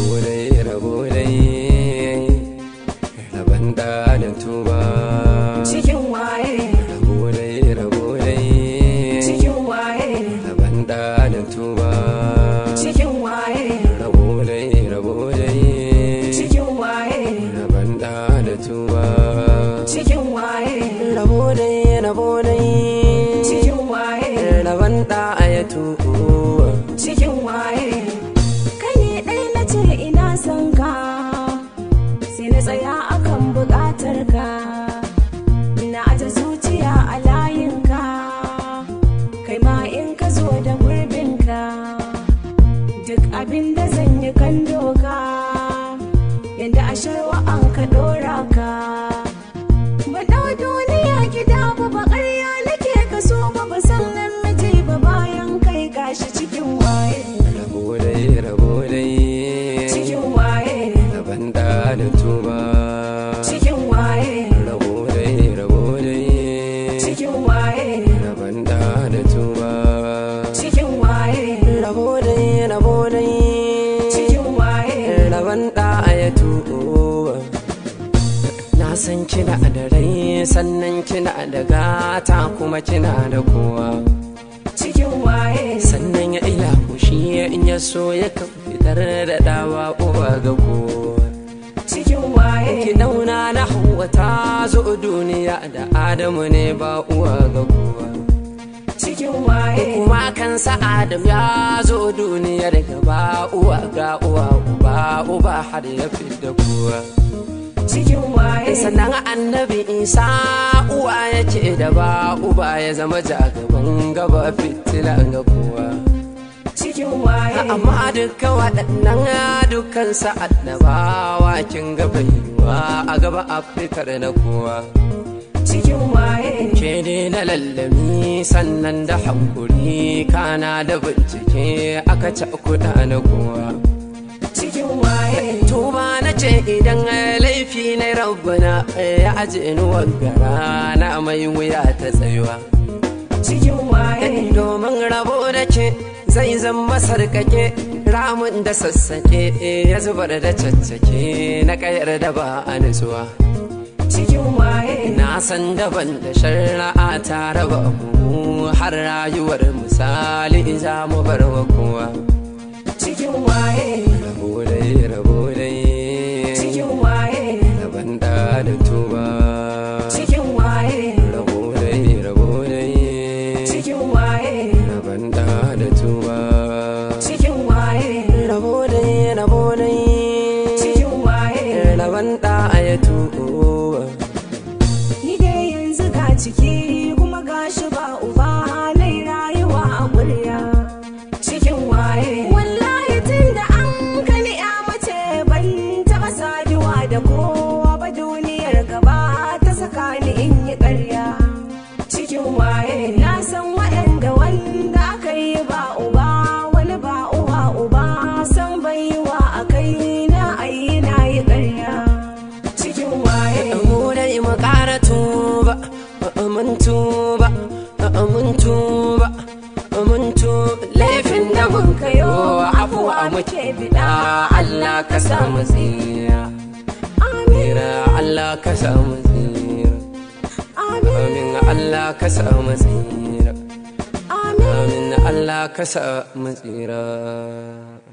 rabo dai rabo dai da tuba cikin waye rabo dai cikin waye raban da tuba cikin waye rabo dai cikin waye raban da tuba cikin waye rabo dai cikin waye raban da ya tuba cikin waye abinda zan yi kan doka yadda a san kina da rai sannan kina da gata kuma kina da kowa cikin waye sannan ya ila shi in ya so ya fitar da dawa uwa ga kowa cikin waye ki nauna na hawa ta zo duniya da adamu ne ba uwa ga kowa cikin waye kuma kansa adam ya zo duniya daga ba uwa ga uwa uba uba har ya fi da kowa sannan annabi isa uwa ce da ba uba ya zama jagaban gaba fitila ga kowa amma duka waɗannan dukansa annabawa kin ga bayuwa a gaba afirkar na kowa cikin waye ke ne na lallami sannan da hankuri kana da bincike aka cakuɗa na kowa cikin waye tuba na ce idan rabbana ya eh, aji inuwar gara na mai wuya ta tsayuwa cikin waye domin rabo da ke zai masar kake ramin da sassake eh, ya zubar da caccake na kayar da ba a nutsuwa cikin waye na san daban da shari'a ta raba mu har rayuwar misali za mu bar wa kowa cikin waye yi na yi eh, a ya tuko ni dai yanzu ka ciki kuma mun ba mun tuba mun tuba laifin da mun kayo afuwa muke bida Allah ka samu zira amira Allah ka samu zira amin Allah ka samu zira amin Allah ka samu zira